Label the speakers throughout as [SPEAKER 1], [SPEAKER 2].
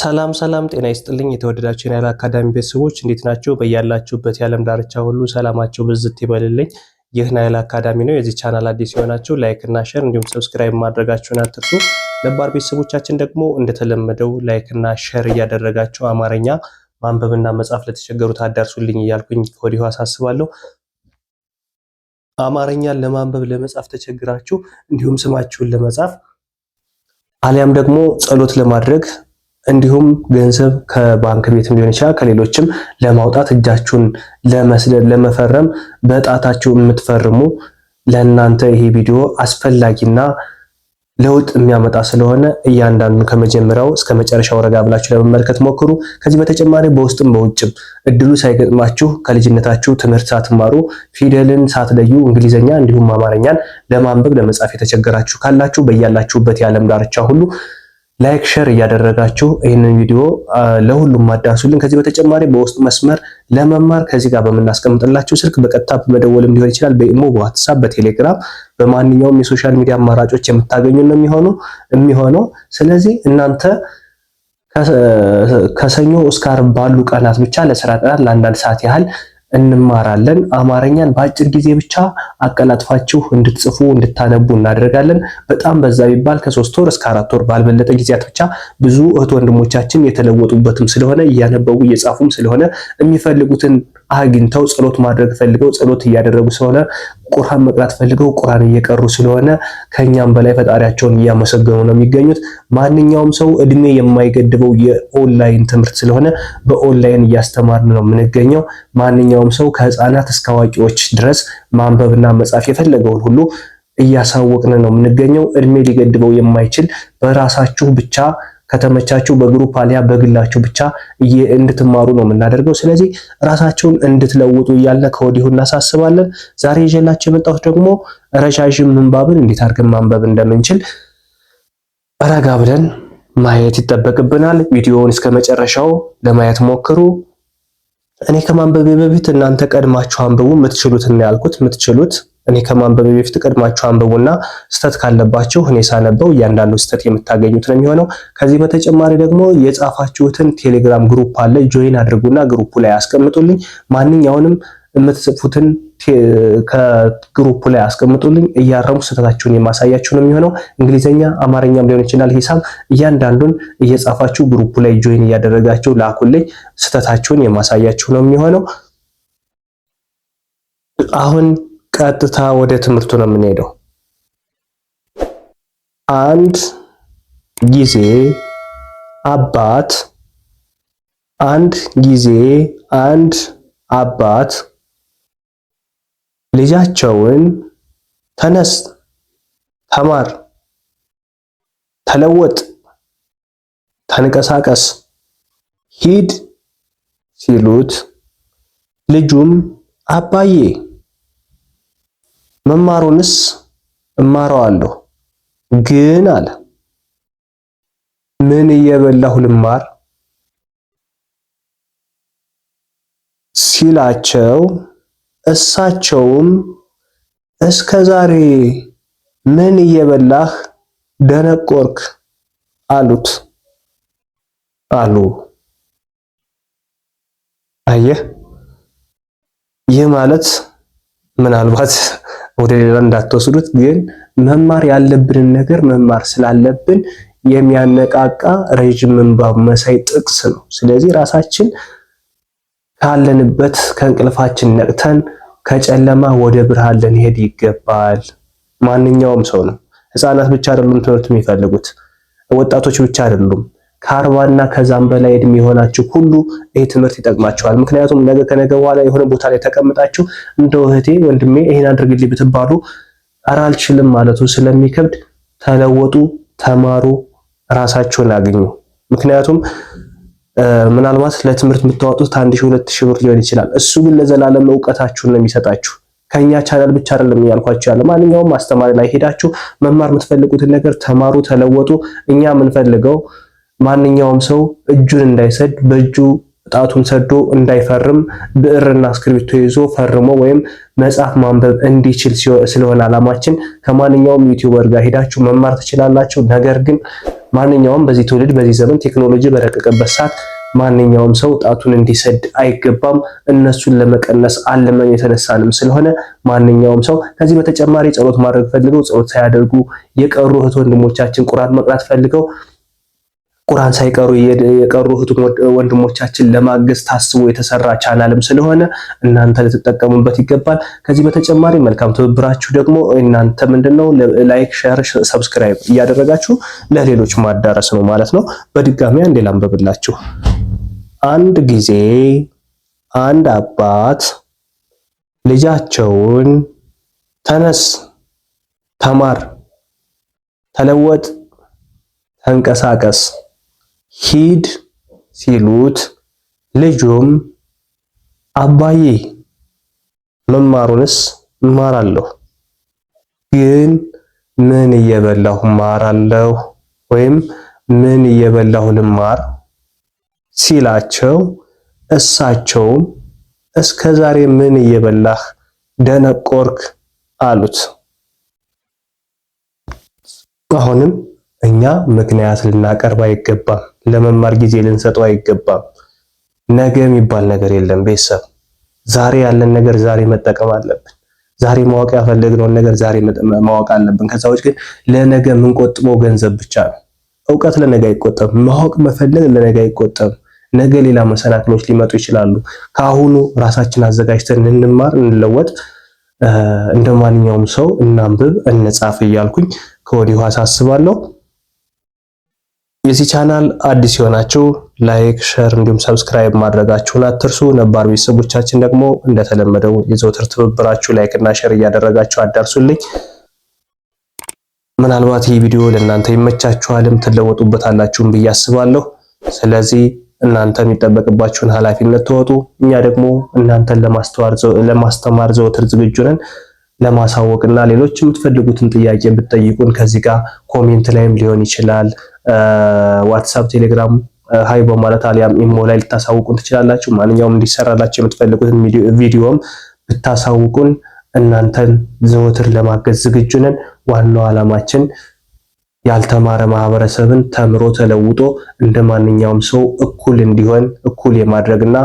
[SPEAKER 1] ሰላም ሰላም፣ ጤና ይስጥልኝ የተወደዳችሁ ናይል አካዳሚ ቤተሰቦች እንዴት ናቸው? በያላችሁበት የዓለም ዳርቻ ሁሉ ሰላማቸው ብዝት ይበልልኝ። ይህ ናይል አካዳሚ ነው። የዚህ ቻናል አዲስ የሆናችሁ ላይክ እና ሸር እንዲሁም ሰብስክራይብ ማድረጋችሁን አትርሱ። ነባር ቤተሰቦቻችን ደግሞ እንደተለመደው ላይክ እና ሸር እያደረጋችሁ አማርኛ ማንበብና መጻፍ ለተቸገሩት አዳርሱልኝ እያልኩኝ ከወዲሁ አሳስባለሁ። አማርኛን ለማንበብ ለመጻፍ ተቸግራችሁ እንዲሁም ስማችሁን ለመጻፍ አሊያም ደግሞ ጸሎት ለማድረግ እንዲሁም ገንዘብ ከባንክ ቤትም ሊሆን ይችላል ከሌሎችም ለማውጣት እጃችሁን ለመስደድ ለመፈረም በጣታችሁ የምትፈርሙ ለእናንተ ይሄ ቪዲዮ አስፈላጊና ለውጥ የሚያመጣ ስለሆነ እያንዳንዱ ከመጀመሪያው እስከ መጨረሻው ረጋ ብላችሁ ለመመልከት ሞክሩ። ከዚህ በተጨማሪ በውስጥም በውጭም እድሉ ሳይገጥማችሁ ከልጅነታችሁ ትምህርት ሳትማሩ ፊደልን ሳትለዩ እንግሊዝኛ እንዲሁም አማርኛን ለማንበብ ለመጻፍ የተቸገራችሁ ካላችሁ በያላችሁበት የዓለም ዳርቻ ሁሉ ላይክ ሸር እያደረጋችሁ ይህንን ቪዲዮ ለሁሉም አዳርሱልን። ከዚህ በተጨማሪ በውስጥ መስመር ለመማር ከዚህ ጋር በምናስቀምጥላችሁ ስልክ በቀጥታ በመደወልም ሊሆን ይችላል። በኢሞ፣ በዋትሳፕ፣ በቴሌግራም በማንኛውም የሶሻል ሚዲያ አማራጮች የምታገኙ ነው የሚሆነው የሚሆነው። ስለዚህ እናንተ ከሰኞ እስከ ዓርብ ባሉ ቀናት ብቻ ለስራ ቀናት ለአንዳንድ ሰዓት ያህል እንማራለን። አማርኛን በአጭር ጊዜ ብቻ አቀላጥፋችሁ እንድትጽፉ እንድታነቡ እናደርጋለን። በጣም በዛ ቢባል ከሶስት ወር እስከ አራት ወር ባልበለጠ ጊዜያት ብቻ ብዙ እህት ወንድሞቻችን የተለወጡበትም ስለሆነ እያነበቡ እየጻፉም ስለሆነ የሚፈልጉትን አግኝተው ጸሎት ማድረግ ፈልገው ጸሎት እያደረጉ ስለሆነ ቁርአን መቅራት ፈልገው ቁርአን እየቀሩ ስለሆነ ከኛም በላይ ፈጣሪያቸውን እያመሰገኑ ነው የሚገኙት። ማንኛውም ሰው እድሜ የማይገድበው የኦንላይን ትምህርት ስለሆነ በኦንላይን እያስተማርን ነው የምንገኘው። ማንኛውም ሰው ከህፃናት እስከ አዋቂዎች ድረስ ማንበብና መጻፍ የፈለገውን ሁሉ እያሳወቅን ነው የምንገኘው። እድሜ ሊገድበው የማይችል በራሳችሁ ብቻ ከተመቻችሁ በግሩፕ አሊያ በግላችሁ ብቻ እንድትማሩ ነው የምናደርገው። ስለዚህ ራሳቸውን እንድትለውጡ እያልን ከወዲሁ እናሳስባለን። ዛሬ ይዤላችሁ የመጣሁት ደግሞ ረዣዥም ምንባብን እንዴት አድርገን ማንበብ እንደምንችል ረጋ ብለን ማየት ይጠበቅብናል። ቪዲዮውን እስከ መጨረሻው ለማየት ሞክሩ። እኔ ከማንበቤ በፊት እናንተ ቀድማችሁ አንብቡ። የምትችሉት ያልኩት የምትችሉት እኔ ከማንበብ በፊት ቀድማችሁ አንብቡና ስተት ካለባችሁ እኔ ሳነበው እያንዳንዱ ስተት የምታገኙት ነው የሚሆነው። ከዚህ በተጨማሪ ደግሞ የጻፋችሁትን ቴሌግራም ግሩፕ አለ፣ ጆይን አድርጉና ግሩፑ ላይ አስቀምጡልኝ። ማንኛውንም የምትጽፉትን ከግሩፑ ላይ አስቀምጡልኝ እያረሙ ስህተታችሁን የማሳያችሁ ነው የሚሆነው። እንግሊዘኛ አማርኛም ሊሆን ይችላል፣ ሂሳብ እያንዳንዱን እየጻፋችሁ ግሩፑ ላይ ጆይን እያደረጋችሁ ላኩልኝ። ስህተታችሁን የማሳያችሁ ነው የሚሆነው አሁን ቀጥታ ወደ ትምህርቱ ነው የምንሄደው። አንድ ጊዜ አባት፣ አንድ ጊዜ አንድ አባት ልጃቸውን ተነስ፣ ተማር፣ ተለወጥ፣ ተንቀሳቀስ፣ ሂድ ሲሉት ልጁም አባዬ መማሩንስ እማረዋለሁ ግን አለ ምን እየበላሁ ልማር ሲላቸው እሳቸውም እስከ ዛሬ ምን እየበላህ ደነቆርክ አሉት አሉ። አየህ፣ ይህ ማለት ምናልባት ወደ ሌላ እንዳትወስዱት፣ ግን መማር ያለብንን ነገር መማር ስላለብን የሚያነቃቃ ረዥም ምንባብ መሳይ ጥቅስ ነው። ስለዚህ ራሳችን ካለንበት ከእንቅልፋችን ነቅተን ከጨለማ ወደ ብርሃን ልንሄድ ይገባል። ማንኛውም ሰው ነው። ህፃናት ብቻ አይደሉም ትምህርት የሚፈልጉት፣ ወጣቶች ብቻ አይደሉም። ከአርባና ከዛም በላይ እድሜ የሆናችሁ ሁሉ ይሄ ትምህርት ይጠቅማችኋል። ምክንያቱም ነገ ከነገ በኋላ የሆነ ቦታ ላይ ተቀምጣችሁ እንደው እህቴ ወንድሜ ይሄን አድርግልኝ ብትባሉ ኧረ አልችልም ማለቱ ስለሚከብድ ተለወጡ፣ ተማሩ፣ ራሳችሁን አግኙ። ምክንያቱም ምናልባት ለትምህርት የምታወጡት አንድ ሺህ ሁለት ሺህ ብር ሊሆን ይችላል። እሱ ግን ለዘላለም እውቀታችሁን ነው የሚሰጣችሁ። ከኛ ቻናል ብቻ አይደለም እያልኳችሁ ያለ ማንኛውም አስተማሪ ላይ ሄዳችሁ መማር የምትፈልጉትን ነገር ተማሩ፣ ተለወጡ። እኛ የምንፈልገው ማንኛውም ሰው እጁን እንዳይሰድ በእጁ ጣቱን ሰዶ እንዳይፈርም ብዕርና እስክሪብቶ ይዞ ፈርሞ ወይም መጽሐፍ ማንበብ እንዲችል ስለሆነ አላማችን። ከማንኛውም ዩቲዩበር ጋር ሄዳችሁ መማር ትችላላችሁ። ነገር ግን ማንኛውም በዚህ ትውልድ በዚህ ዘመን ቴክኖሎጂ በረቀቀበት ሰዓት ማንኛውም ሰው ጣቱን እንዲሰድ አይገባም። እነሱን ለመቀነስ አለመን የተነሳንም ስለሆነ ማንኛውም ሰው ከዚህ በተጨማሪ ጸሎት ማድረግ ፈልገው ጸሎት ሳያደርጉ የቀሩ እህት ወንድሞቻችን ቁራት መቅራት ፈልገው ቁርአን ሳይቀሩ የቀሩ እህቱን ወንድሞቻችን ለማገዝ ታስቦ የተሰራ ቻናልም ስለሆነ እናንተ ልትጠቀሙበት ይገባል። ከዚህ በተጨማሪ መልካም ትብብራችሁ ደግሞ እናንተ ምንድነው ላይክ፣ ሼር፣ ሰብስክራይብ እያደረጋችሁ ለሌሎች ማዳረስ ነው ማለት ነው። በድጋሚ አንዴ ላንብብላችሁ። አንድ ጊዜ አንድ አባት ልጃቸውን ተነስ፣ ተማር፣ ተለወጥ፣ ተንቀሳቀስ ሂድ ሲሉት ልጁም አባዬ መማሩንስ እማራለሁ ግን ምን እየበላሁ እማራለሁ ወይም ምን እየበላሁ ልማር ሲላቸው እሳቸውም እስከ ዛሬ ምን እየበላህ ደነቆርክ አሉት። አሁንም እኛ ምክንያት ልናቀርብ አይገባም። ለመማር ጊዜ ልንሰጠው አይገባም። ነገ የሚባል ነገር የለም። ቤተሰብ ዛሬ ያለን ነገር ዛሬ መጠቀም አለብን። ዛሬ ማወቅ ያፈለግነውን ነገር ዛሬ ማወቅ አለብን። ከዛ ውጭ ግን ለነገ የምንቆጥበው ገንዘብ ብቻ ነው። እውቀት ለነገ አይቆጠም። ማወቅ መፈለግ ለነገ አይቆጠም። ነገ ሌላ መሰናክሎች ሊመጡ ይችላሉ። ከአሁኑ ራሳችን አዘጋጅተን እንማር፣ እንለወጥ፣ እንደ ማንኛውም ሰው እናንብብ፣ እንጻፍ እያልኩኝ ከወዲሁ አሳስባለሁ። የዚህ ቻናል አዲስ የሆናችሁ ላይክ፣ ሸር እንዲሁም ሰብስክራይብ ማድረጋችሁን አትርሱ። ነባር ቤተሰቦቻችን ደግሞ እንደተለመደው የዘውትር ትብብራችሁ ላይክ እና ሸር እያደረጋችሁ አዳርሱልኝ። ምናልባት ይህ ቪዲዮ ለእናንተ ይመቻችኋልም ትለወጡበታላችሁም ብዬ አስባለሁ። ስለዚህ እናንተ የሚጠበቅባችሁን ኃላፊነት ተወጡ። እኛ ደግሞ እናንተን ለማስተማር ዘውትር ዝግጁ ነን። ለማሳወቅና ሌሎች የምትፈልጉትን ጥያቄ ብትጠይቁን ከዚህ ጋር ኮሜንት ላይም ሊሆን ይችላል ዋትሳፕ፣ ቴሌግራም ሀይ በማለት አሊያም ኢሞ ላይ ልታሳውቁን ትችላላችሁ። ማንኛውም እንዲሰራላችሁ የምትፈልጉትን ቪዲዮም ብታሳውቁን እናንተን ዘወትር ለማገዝ ዝግጁ ነን። ዋናው ዓላማችን ያልተማረ ማህበረሰብን ተምሮ ተለውጦ እንደ ማንኛውም ሰው እኩል እንዲሆን እኩል የማድረግና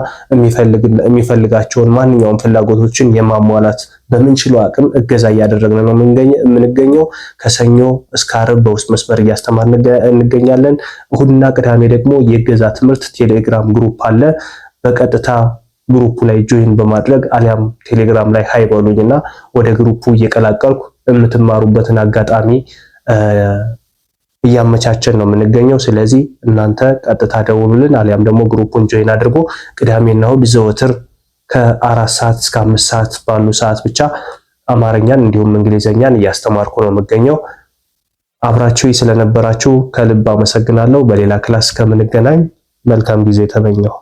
[SPEAKER 1] የሚፈልጋቸውን ማንኛውም ፍላጎቶችን የማሟላት በምንችለው አቅም እገዛ እያደረግን ነው የምንገኘው። ከሰኞ እስከ ዓርብ በውስጥ መስመር እያስተማር እንገኛለን። እሁድና ቅዳሜ ደግሞ የእገዛ ትምህርት ቴሌግራም ግሩፕ አለ። በቀጥታ ግሩፑ ላይ ጆይን በማድረግ አሊያም ቴሌግራም ላይ ሀይ በሉኝና ወደ ግሩፑ እየቀላቀልኩ የምትማሩበትን አጋጣሚ እያመቻቸን ነው የምንገኘው። ስለዚህ እናንተ ቀጥታ ደውሉልን፣ አሊያም ደግሞ ግሩፑን ጆይን አድርጎ ቅዳሜና እሁድ ዘወትር ከአራት ሰዓት እስከ አምስት ሰዓት ባሉ ሰዓት ብቻ አማርኛን እንዲሁም እንግሊዘኛን እያስተማርኩ ነው የምገኘው። አብራችሁ ስለነበራችሁ ከልብ አመሰግናለሁ። በሌላ ክላስ ከምንገናኝ መልካም ጊዜ ተመኘው።